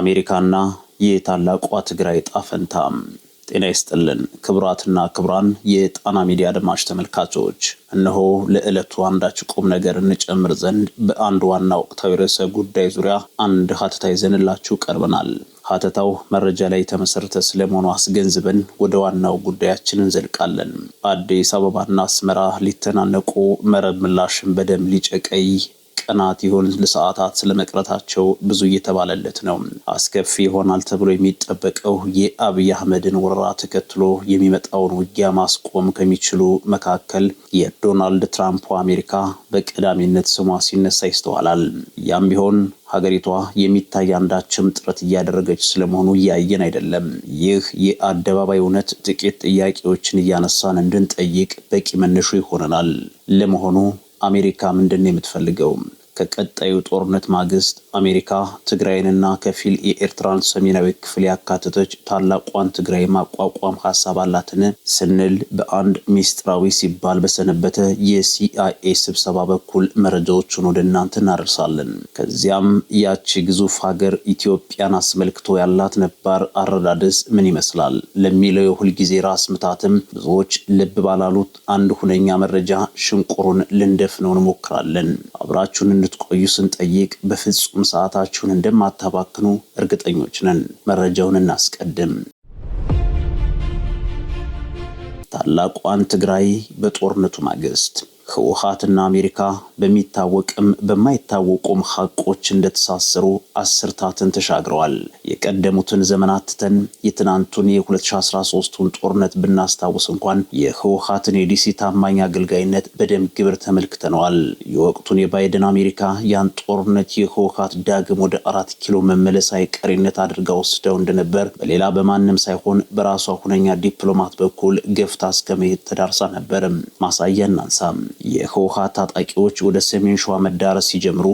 አሜሪካና የታላቋ ትግራይ ጣፈንታ። ጤና ይስጥልን ክቡራትና ክቡራን የጣና ሚዲያ አድማጭ ተመልካቾች፣ እነሆ ለዕለቱ አንዳች ቁም ነገር እንጨምር ዘንድ በአንድ ዋና ወቅታዊ ርዕሰ ጉዳይ ዙሪያ አንድ ሀተታ ይዘንላችሁ ቀርበናል። ሀተታው መረጃ ላይ የተመሰረተ ስለመሆኑ አስገንዝበን ወደ ዋናው ጉዳያችን እንዘልቃለን። አዲስ አበባና አስመራ ሊተናነቁ መረብ ምላሽን በደም ሊጨቀይ ቀናት ይሁን ለሰዓታት ስለመቅረታቸው ብዙ እየተባለለት ነው። አስከፊ ይሆናል ተብሎ የሚጠበቀው የአብይ አህመድን ወረራ ተከትሎ የሚመጣውን ውጊያ ማስቆም ከሚችሉ መካከል የዶናልድ ትራምፕ አሜሪካ በቀዳሚነት ስሟ ሲነሳ ይስተዋላል። ያም ቢሆን ሀገሪቷ የሚታይ አንዳችም ጥረት እያደረገች ስለመሆኑ እያየን አይደለም። ይህ የአደባባይ እውነት ጥቂት ጥያቄዎችን እያነሳን እንድንጠይቅ በቂ መነሹ ይሆነናል። ለመሆኑ አሜሪካ ምንድን ነው የምትፈልገው? ከቀጣዩ ጦርነት ማግስት አሜሪካ ትግራይንና ከፊል የኤርትራን ሰሜናዊ ክፍል ያካተተች ታላቋን ትግራይ ማቋቋም ሀሳብ አላትን ስንል በአንድ ሚስጥራዊ ሲባል በሰነበተ የሲአይኤ ስብሰባ በኩል መረጃዎችን ወደ እናንተ እናደርሳለን። ከዚያም ያቺ ግዙፍ ሀገር ኢትዮጵያን አስመልክቶ ያላት ነባር አረዳደስ ምን ይመስላል ለሚለው የሁልጊዜ ራስ ምታትም ብዙዎች ልብ ባላሉት አንድ ሁነኛ መረጃ ሽንቁሩን ልንደፍነው እንሞክራለን። አብራችሁን እንድትቆዩ ስንጠይቅ በፍጹም ሰዓታችሁን እንደማታባክኑ እርግጠኞች ነን። መረጃውን እናስቀድም። ታላቋን ትግራይ በጦርነቱ ማግስት ህወሓትና አሜሪካ በሚታወቅም በማይታወቁም ሀቆች እንደተሳሰሩ አስርታትን ተሻግረዋል። የቀደሙትን ዘመናት ትተን የትናንቱን የ2013ቱን ጦርነት ብናስታውስ እንኳን የህወሓትን የዲሲ ታማኝ አገልጋይነት በደም ግብር ተመልክተነዋል። የወቅቱን የባይደን አሜሪካ ያን ጦርነት የህወሓት ዳግም ወደ አራት ኪሎ መመለስ አይቀሬነት አድርጋ ወስደው እንደነበር በሌላ በማንም ሳይሆን በራሷ ሁነኛ ዲፕሎማት በኩል ገፍታ እስከመሄድ ተዳርሳ ነበርም። ማሳያ እናንሳም። የህወሓት ታጣቂዎች ወደ ሰሜን ሸዋ መዳረስ ሲጀምሩ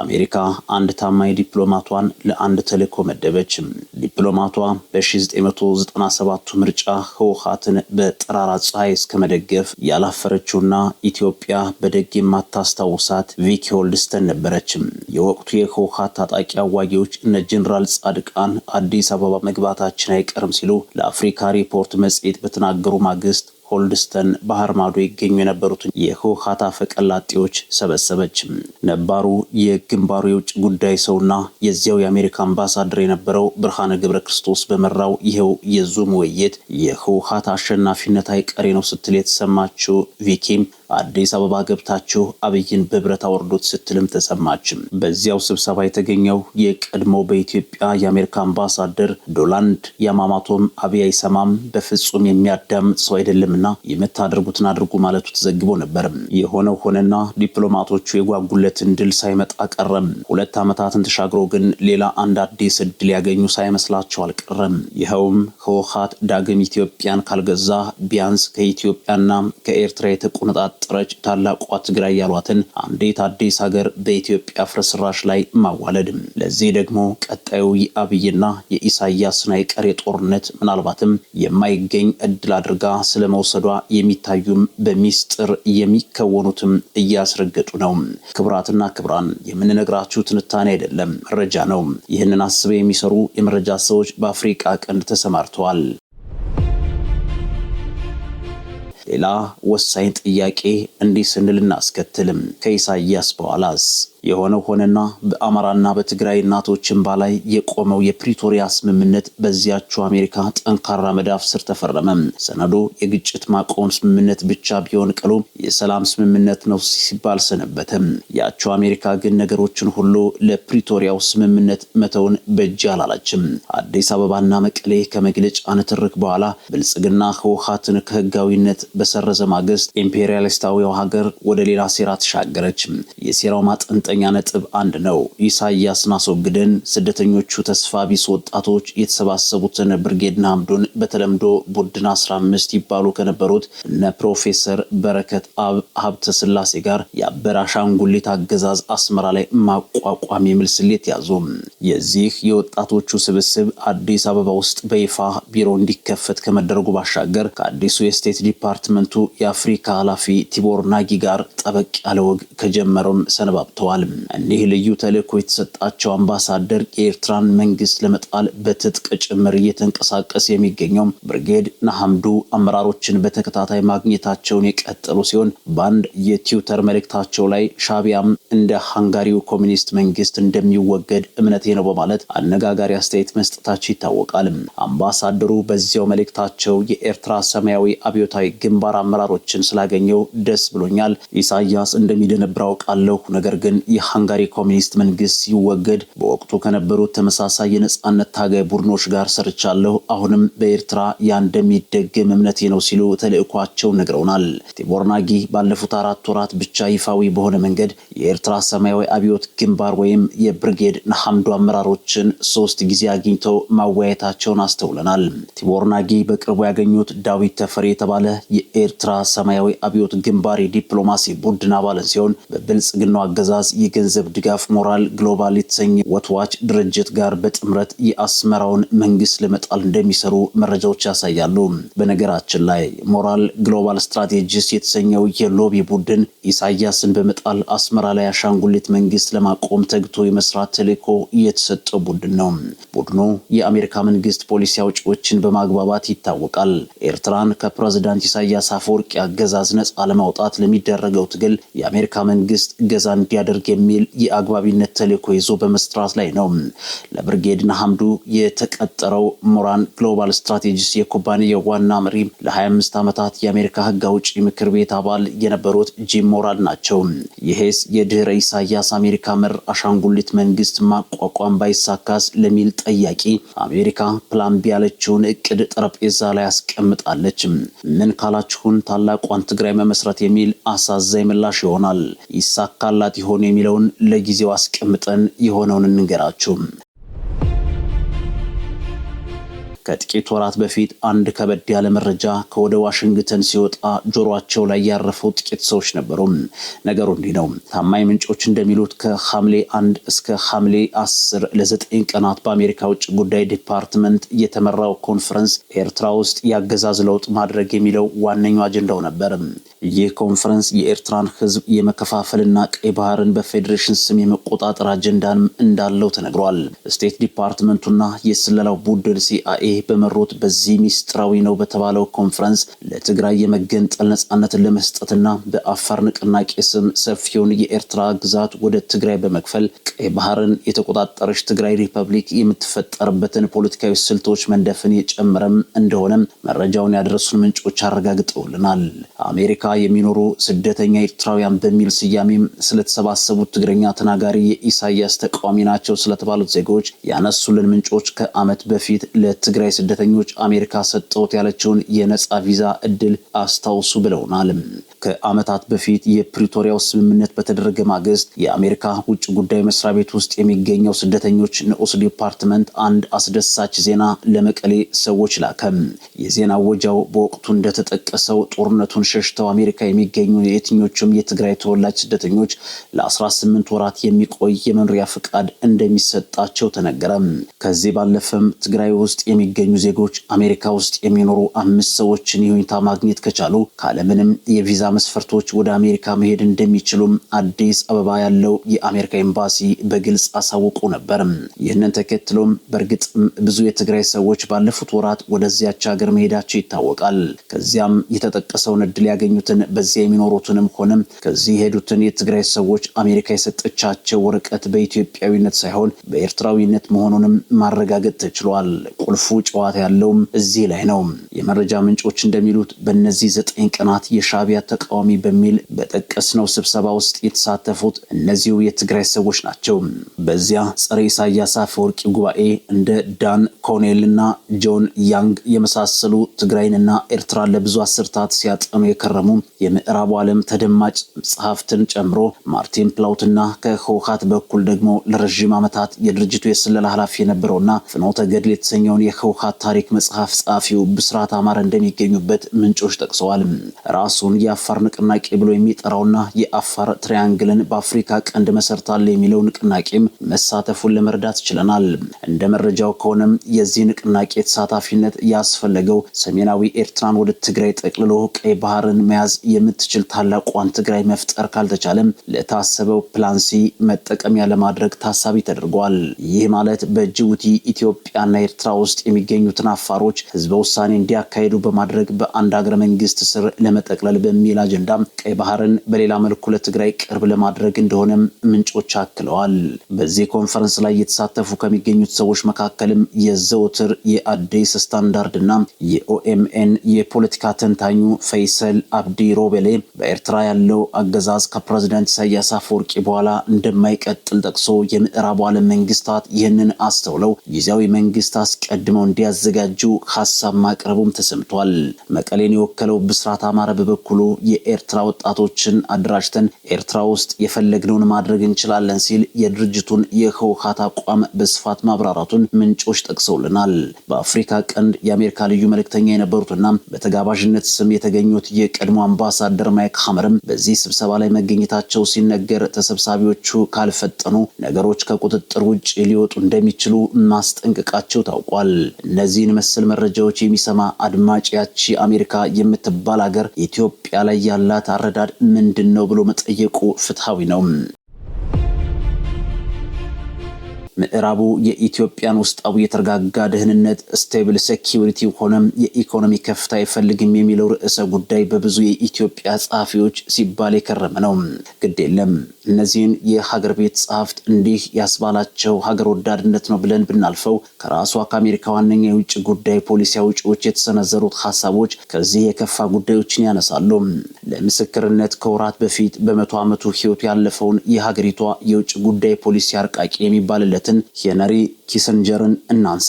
አሜሪካ አንድ ታማኝ ዲፕሎማቷን ለአንድ ተልእኮ መደበች። ዲፕሎማቷ በ 1997 ምርጫ ህወሓትን በጠራራ ፀሐይ እስከ መደገፍ ያላፈረችውና ኢትዮጵያ በደግ የማታስታውሳት ቪኪ ሆልድስተን ነበረች። የወቅቱ የህወሓት ታጣቂ አዋጊዎች እነ ጀኔራል ጻድቃን አዲስ አበባ መግባታችን አይቀርም ሲሉ ለአፍሪካ ሪፖርት መጽሔት በተናገሩ ማግስት ሆልድስተን ባህር ማዶ ይገኙ የነበሩትን የህወሓት አፈቀላጤዎች ሰበሰበችም። ነባሩ የግንባሩ የውጭ ጉዳይ ሰውና የዚያው የአሜሪካ አምባሳደር የነበረው ብርሃነ ገብረ ክርስቶስ በመራው ይኸው የዙም ውይይት የህወሓት አሸናፊነት አይቀሬ ነው ስትል የተሰማችው ቪኪም አዲስ አበባ ገብታችሁ አብይን በብረት አወርዶት ስትልም ተሰማችም። በዚያው ስብሰባ የተገኘው የቀድሞ በኢትዮጵያ የአሜሪካ አምባሳደር ዶናልድ ያማማቶም አብይ አይሰማም፣ በፍጹም የሚያዳምጥ ሰው አይደለም አይደለምና የምታደርጉትን አድርጉ ማለቱ ተዘግቦ ነበርም። የሆነው ሆነና ዲፕሎማቶቹ የጓጉለትን ድል ሳይመጣ ቀረም። ሁለት ዓመታትን ተሻግሮ ግን ሌላ አንድ አዲስ እድል ያገኙ ሳይመስላቸው አልቀረም። ይኸውም ህወሓት ዳግም ኢትዮጵያን ካልገዛ ቢያንስ ከኢትዮጵያና ከኤርትራ የተቆነጣጠረች ታላቋ ትግራይ ያሏትን አንዲት አዲስ ሀገር በኢትዮጵያ ፍርስራሽ ላይ ማዋለድ። ለዚህ ደግሞ ቀጣዩ የአብይና የኢሳያስን አይቀሬ ጦርነት ምናልባትም የማይገኝ እድል አድርጋ ስለመው መውሰዷ የሚታዩም በሚስጥር የሚከወኑትም እያስረገጡ ነው። ክቡራትና ክቡራን የምንነግራችሁ ትንታኔ አይደለም፣ መረጃ ነው። ይህንን አስበው የሚሰሩ የመረጃ ሰዎች በአፍሪቃ ቀንድ ተሰማርተዋል። ሌላ ወሳኝ ጥያቄ እንዲህ ስንል እናስከትልም ከኢሳያስ በኋላስ የሆነው ሆነና በአማራና በትግራይ እናቶች እንባ ላይ የቆመው የፕሪቶሪያ ስምምነት በዚያችው አሜሪካ ጠንካራ መዳፍ ስር ተፈረመ። ሰነዱ የግጭት ማቆም ስምምነት ብቻ ቢሆን ቀሉ የሰላም ስምምነት ነው ሲባል ሰነበትም። ያቸው አሜሪካ ግን ነገሮችን ሁሉ ለፕሪቶሪያው ስምምነት መተውን በእጅ አላለችም። አዲስ አበባና መቀሌ ከመግለጫ ንትርክ በኋላ ብልጽግና ህወሓትን ከህጋዊነት በሰረዘ ማግስት ኢምፔሪያሊስታዊው ሀገር ወደ ሌላ ሴራ ተሻገረች። የሴራው ማጠንጠ ነጥብ አንድ ነው። ኢሳያስን አስወግደን ስደተኞቹ ተስፋ ቢስ ወጣቶች የተሰባሰቡትን ብርጌድ ንሓምዱን በተለምዶ ቡድን 15 ይባሉ ከነበሩት እነ ፕሮፌሰር በረከት አብ ሀብተ ስላሴ ጋር የአበረ አሻንጉሊት አገዛዝ አስመራ ላይ ማቋቋም የሚል ስሌት ያዙ። የዚህ የወጣቶቹ ስብስብ አዲስ አበባ ውስጥ በይፋ ቢሮ እንዲከፈት ከመደረጉ ባሻገር ከአዲሱ የስቴት ዲፓርትመንቱ የአፍሪካ ኃላፊ ቲቦር ናጊ ጋር ጠበቅ ያለ ወግ ከጀመረውም ሰነባብተዋል። እኒህ ልዩ ተልእኮ የተሰጣቸው አምባሳደር የኤርትራን መንግስት ለመጣል በትጥቅ ጭምር እየተንቀሳቀስ የሚገኘው ብርጌድ ናሐምዱ አመራሮችን በተከታታይ ማግኘታቸውን የቀጠሉ ሲሆን በአንድ የቲዩተር መልእክታቸው ላይ ሻቢያም እንደ ሃንጋሪው ኮሚኒስት መንግስት እንደሚወገድ እምነቴ ነው በማለት አነጋጋሪ አስተያየት መስጠታቸው ይታወቃል። አምባሳደሩ በዚያው መልእክታቸው የኤርትራ ሰማያዊ አብዮታዊ ግንባር አመራሮችን ስላገኘው ደስ ብሎኛል። ኢሳያስ እንደሚደነብር አውቃለሁ ነገር ግን የሃንጋሪ ኮሚኒስት መንግስት ሲወገድ በወቅቱ ከነበሩት ተመሳሳይ የነጻነት ታጋይ ቡድኖች ጋር ሰርቻለሁ። አሁንም በኤርትራ ያ እንደሚደግም እምነቴ ነው ሲሉ ተልእኳቸው ነግረውናል። ቲቦር ናጊ ባለፉት አራት ወራት ብቻ ይፋዊ በሆነ መንገድ የኤርትራ ሰማያዊ አብዮት ግንባር ወይም የብርጌድ ንሓምዱ አመራሮችን ሶስት ጊዜ አግኝተው ማወያየታቸውን አስተውለናል። ቲቦር ናጊ በቅርቡ ያገኙት ዳዊት ተፈሪ የተባለ የኤርትራ ሰማያዊ አብዮት ግንባር የዲፕሎማሲ ቡድን አባልን ሲሆን በብልጽግናው አገዛዝ የገንዘብ ድጋፍ ሞራል ግሎባል የተሰኘ ወትዋች ድርጅት ጋር በጥምረት የአስመራውን መንግስት ለመጣል እንደሚሰሩ መረጃዎች ያሳያሉ። በነገራችን ላይ ሞራል ግሎባል ስትራቴጂስ የተሰኘው የሎቢ ቡድን ኢሳያስን በመጣል አስመራ ላይ አሻንጉሊት መንግስት ለማቆም ተግቶ የመስራት ተልዕኮ የተሰጠው ቡድን ነው። ቡድኑ የአሜሪካ መንግስት ፖሊሲ አውጪዎችን በማግባባት ይታወቃል። ኤርትራን ከፕሬዝዳንት ኢሳያስ አፈወርቂ አገዛዝ ነጻ ለማውጣት ለሚደረገው ትግል የአሜሪካ መንግስት እገዛ እንዲያደርግ ማድረግ የሚል የአግባቢነት ተልዕኮ ይዞ በመስራት ላይ ነው። ለብርጌድ ሐምዱ የተቀጠረው ሞራን ግሎባል ስትራቴጂስ የኩባንያው ዋና መሪ ለ25 ዓመታት የአሜሪካ ህግ አውጪ ምክር ቤት አባል የነበሩት ጂም ሞራል ናቸው። ይሄስ የድህረ ኢሳያስ አሜሪካ መር አሻንጉሊት መንግስት ማቋቋም ባይሳካስ ለሚል ጠያቂ አሜሪካ ፕላን ቢ ያለችውን እቅድ ጠረጴዛ ላይ አስቀምጣለች። ምን ካላችሁን ታላቋን ትግራይ መመስረት የሚል አሳዛኝ ምላሽ ይሆናል። ይሳካላት ይሆን የሚለውን ለጊዜው አስቀምጠን የሆነውን እንንገራችሁ። ከጥቂት ወራት በፊት አንድ ከበድ ያለ መረጃ ከወደ ዋሽንግተን ሲወጣ ጆሯቸው ላይ ያረፉ ጥቂት ሰዎች ነበሩ። ነገሩ እንዲህ ነው። ታማኝ ምንጮች እንደሚሉት ከሐምሌ አንድ እስከ ሐምሌ አስር ለዘጠኝ ቀናት በአሜሪካ ውጭ ጉዳይ ዲፓርትመንት የተመራው ኮንፈረንስ ኤርትራ ውስጥ የአገዛዝ ለውጥ ማድረግ የሚለው ዋነኛው አጀንዳው ነበር። ይህ ኮንፈረንስ የኤርትራን ህዝብ የመከፋፈልና ቀይ ባህርን በፌዴሬሽን ስም የመቆጣጠር አጀንዳንም እንዳለው ተነግሯል። ስቴት ዲፓርትመንቱና የስለላው ቡድን ሲአይኤ በመሩት በዚህ ሚስጥራዊ ነው በተባለው ኮንፈረንስ ለትግራይ የመገንጠል ነፃነትን ለመስጠትና በአፋር ንቅናቄ ስም ሰፊውን የኤርትራ ግዛት ወደ ትግራይ በመክፈል ቀይ ባህርን የተቆጣጠረች ትግራይ ሪፐብሊክ የምትፈጠርበትን ፖለቲካዊ ስልቶች መንደፍን የጨመረም እንደሆነም መረጃውን ያደረሱን ምንጮች አረጋግጠውልናል። አሜሪካ የሚኖሩ ስደተኛ ኤርትራውያን በሚል ስያሜም ስለተሰባሰቡት ትግረኛ ተናጋሪ የኢሳያስ ተቃዋሚ ናቸው ስለተባሉት ዜጎች ያነሱልን ምንጮች ከዓመት በፊት ለትግራይ ለትግራይ ስደተኞች አሜሪካ ሰጠውት ያለችውን የነጻ ቪዛ እድል አስታውሱ ብለውናል። ከዓመታት በፊት የፕሪቶሪያው ስምምነት በተደረገ ማግስት የአሜሪካ ውጭ ጉዳይ መስሪያ ቤት ውስጥ የሚገኘው ስደተኞች ንዑስ ዲፓርትመንት አንድ አስደሳች ዜና ለመቀሌ ሰዎች ላከም። የዜና ወጃው በወቅቱ እንደተጠቀሰው ጦርነቱን ሸሽተው አሜሪካ የሚገኙ የትኞቹም የትግራይ ተወላጅ ስደተኞች ለ18 ወራት የሚቆይ የመኖሪያ ፍቃድ እንደሚሰጣቸው ተነገረም። ከዚህ ባለፈም ትግራይ ውስጥ የሚገኙ ዜጎች አሜሪካ ውስጥ የሚኖሩ አምስት ሰዎችን የሁኔታ ማግኘት ከቻሉ ካለምንም የቪዛ መስፈርቶች ወደ አሜሪካ መሄድ እንደሚችሉም አዲስ አበባ ያለው የአሜሪካ ኤምባሲ በግልጽ አሳውቆ ነበር። ይህንን ተከትሎም በእርግጥ ብዙ የትግራይ ሰዎች ባለፉት ወራት ወደዚያች ሀገር መሄዳቸው ይታወቃል። ከዚያም የተጠቀሰውን እድል ያገኙትን በዚያ የሚኖሩትንም ሆነም ከዚህ የሄዱትን የትግራይ ሰዎች አሜሪካ የሰጠቻቸው ወረቀት በኢትዮጵያዊነት ሳይሆን በኤርትራዊነት መሆኑንም ማረጋገጥ ተችሏል። ቁልፉ ጨዋታ ያለውም እዚህ ላይ ነው። የመረጃ ምንጮች እንደሚሉት በእነዚህ ዘጠኝ ቀናት የሻቢያ ተቃ ተቃዋሚ በሚል በጠቀስነው ስብሰባ ውስጥ የተሳተፉት እነዚሁ የትግራይ ሰዎች ናቸው። በዚያ ጸረ ኢሳያስ አፈወርቂ ጉባኤ እንደ ዳን ኮኔልና ጆን ያንግ የመሳሰሉ ትግራይንና ኤርትራን ለብዙ አስርታት ሲያጠኑ የከረሙ የምዕራቡ ዓለም ተደማጭ መጽሐፍትን ጨምሮ ማርቲን ፕላውትና ከህወሓት በኩል ደግሞ ለረዥም ዓመታት የድርጅቱ የስለላ ኃላፊ የነበረውና ፍኖተ ገድል የተሰኘውን የህወሓት ታሪክ መጽሐፍ ጸሐፊው ብስራት አማረ እንደሚገኙበት ምንጮች ጠቅሰዋል። ራሱን የአፋ የአፋር ንቅናቄ ብሎ የሚጠራውና የአፋር ትሪያንግልን በአፍሪካ ቀንድ መሰርታል የሚለው ንቅናቄም መሳተፉን ለመረዳት ችለናል። እንደ መረጃው ከሆነም የዚህ ንቅናቄ ተሳታፊነት ያስፈለገው ሰሜናዊ ኤርትራን ወደ ትግራይ ጠቅልሎ ቀይ ባህርን መያዝ የምትችል ታላቋን ትግራይ መፍጠር ካልተቻለም ለታሰበው ፕላንሲ መጠቀሚያ ለማድረግ ታሳቢ ተደርጓል። ይህ ማለት በጅቡቲ ኢትዮጵያና ኤርትራ ውስጥ የሚገኙትን አፋሮች ህዝበ ውሳኔ እንዲያካሄዱ በማድረግ በአንድ ሀገረ መንግስት ስር ለመጠቅለል በሚል ሌላ አጀንዳ ቀይ ባህርን በሌላ መልኩ ለትግራይ ቅርብ ለማድረግ እንደሆነም ምንጮች አክለዋል። በዚህ ኮንፈረንስ ላይ የተሳተፉ ከሚገኙት ሰዎች መካከልም የዘወትር የአዲስ ስታንዳርድና የኦኤምኤን የፖለቲካ ተንታኙ ፈይሰል አብዲ ሮቤሌ በኤርትራ ያለው አገዛዝ ከፕሬዚደንት ኢሳያስ አፈወርቂ በኋላ እንደማይቀጥል ጠቅሶ የምዕራቡ ዓለም መንግስታት ይህንን አስተውለው ጊዜያዊ መንግስት አስቀድመው እንዲያዘጋጁ ሀሳብ ማቅረቡም ተሰምቷል። መቀሌን የወከለው ብስራት አማረ በበኩሉ የኤርትራ ወጣቶችን አደራጅተን ኤርትራ ውስጥ የፈለግነውን ማድረግ እንችላለን ሲል የድርጅቱን የህወሓት አቋም በስፋት ማብራራቱን ምንጮች ጠቅሰውልናል። በአፍሪካ ቀንድ የአሜሪካ ልዩ መልእክተኛ የነበሩትና በተጋባዥነት ስም የተገኙት የቀድሞ አምባሳደር ማይክ ሀመርም በዚህ ስብሰባ ላይ መገኘታቸው ሲነገር ተሰብሳቢዎቹ ካልፈጠኑ ነገሮች ከቁጥጥር ውጭ ሊወጡ እንደሚችሉ ማስጠንቀቃቸው ታውቋል። እነዚህን መሰል መረጃዎች የሚሰማ አድማጭ ያቺ አሜሪካ የምትባል ሀገር ኢትዮጵያ ላይ ላይ ያላት አረዳድ ምንድን ነው ብሎ መጠየቁ ፍትሐዊ ነው። ምዕራቡ የኢትዮጵያን ውስጣዊ የተረጋጋ ደህንነት ስቴብል ሴኪሪቲ ሆነም የኢኮኖሚ ከፍታ አይፈልግም የሚለው ርዕሰ ጉዳይ በብዙ የኢትዮጵያ ጸሐፊዎች ሲባል የከረመ ነው። ግድ የለም እነዚህን የሀገር ቤት ጸሐፍት እንዲህ ያስባላቸው ሀገር ወዳድነት ነው ብለን ብናልፈው ከራሷ ከአሜሪካ ዋነኛ የውጭ ጉዳይ ፖሊሲ አውጪዎች የተሰነዘሩት ሀሳቦች ከዚህ የከፋ ጉዳዮችን ያነሳሉ። ለምስክርነት ከወራት በፊት በመቶ ዓመቱ ህይወቱ ያለፈውን የሀገሪቷ የውጭ ጉዳይ ፖሊሲ አርቃቂ የሚባልለትን ሄነሪ ኪስንጀርን እናንሳ።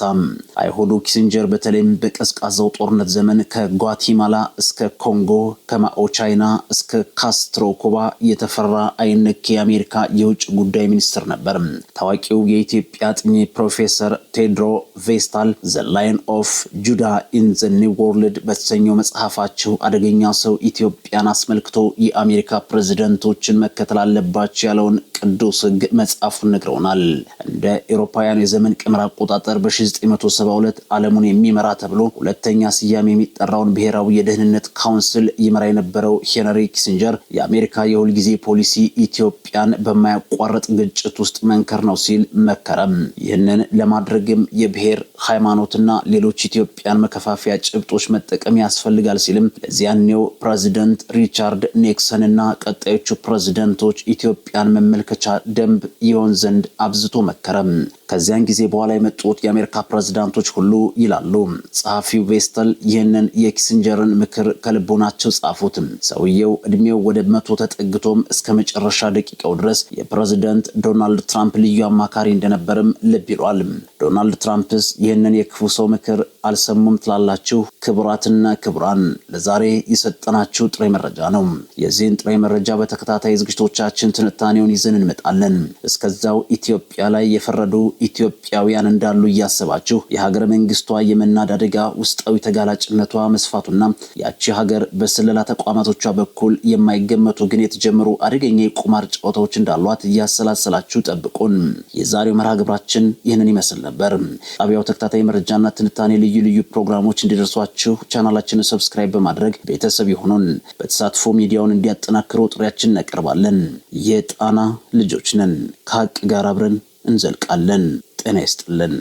አይሁዱ ኪሰንጀር በተለይም በቀዝቃዛው ጦርነት ዘመን ከጓቲማላ እስከ ኮንጎ ከማኦ ቻይና እስከ ካስትሮ ኩባ የተፈራ አይነክ የአሜሪካ የውጭ ጉዳይ ሚኒስትር ነበር። ታዋቂው የኢትዮጵያ አጥኚ ፕሮፌሰር ቴድሮ ቬስታል ዘ ላይን ኦፍ ጁዳ ኢን ዘ ኒው ወርልድ በተሰኘው መጽሐፋቸው አደገኛ ሰው ኢትዮጵያን አስመልክቶ የአሜሪካ ፕሬዝደንቶችን መከተል አለባቸው ያለውን ቅዱስ ሕግ መጽሐፉን ነግረውናል። እንደ ኤሮፓውያን የዘመ በዘመን ቀመር አቆጣጠር በ1972 ዓለሙን የሚመራ ተብሎ ሁለተኛ ስያሜ የሚጠራውን ብሔራዊ የደህንነት ካውንስል ይመራ የነበረው ሄነሪ ኪሲንጀር የአሜሪካ የሁልጊዜ ፖሊሲ ኢትዮጵያን በማያቋርጥ ግጭት ውስጥ መንከር ነው ሲል መከረም። ይህንን ለማድረግም የብሔር ሃይማኖትና ሌሎች ኢትዮጵያን መከፋፈያ ጭብጦች መጠቀም ያስፈልጋል ሲልም ለዚያኔው ፕሬዚደንት ሪቻርድ ኔክሰን እና ቀጣዮቹ ፕሬዚደንቶች ኢትዮጵያን መመልከቻ ደንብ ይሆን ዘንድ አብዝቶ መከረም። ከዚያን ጊዜ በኋላ የመጡት የአሜሪካ ፕሬዚዳንቶች ሁሉ ይላሉ ጸሐፊው ቬስተል። ይህንን የኪሲንጀርን ምክር ከልቦናቸው ጻፉት። ሰውየው እድሜው ወደ መቶ ተጠግቶም እስከ መጨረሻ ደቂቃው ድረስ የፕሬዚደንት ዶናልድ ትራምፕ ልዩ አማካሪ እንደነበርም ልብ ይሏል። ዶናልድ ትራምፕስ ይህንን የክፉ ሰው ምክር አልሰሙም ትላላችሁ? ክቡራትና ክቡራን ለዛሬ የሰጠናችሁ ጥሬ መረጃ ነው። የዚህን ጥሬ መረጃ በተከታታይ ዝግጅቶቻችን ትንታኔውን ይዘን እንመጣለን። እስከዛው ኢትዮጵያ ላይ የፈረዱ ኢትዮጵያውያን እንዳሉ እያሰባችሁ የሀገረ መንግስቷ የመናድ አደጋ ውስጣዊ ተጋላጭነቷ መስፋቱና ያቺ ሀገር በስለላ ተቋማቶቿ በኩል የማይገመቱ ግን የተጀመሩ አደገኛ የቁማር ጨዋታዎች እንዳሏት እያሰላሰላችሁ ጠብቁን። የዛሬው መርሃ ግብራችን ይህንን ይመስል ነበር። ጣቢያው ተከታታይ መረጃና ትንታኔ ልዩ ልዩ ፕሮግራሞች እንዲደርሷችሁ ቻናላችንን ሰብስክራይብ በማድረግ ቤተሰብ ይሁኑን። በተሳትፎ ሚዲያውን እንዲያጠናክሩ ጥሪያችን እናቀርባለን። የጣና ልጆች ነን፣ ከሀቅ ጋር አብረን እንዘልቃለን። ጤና ይስጥልን።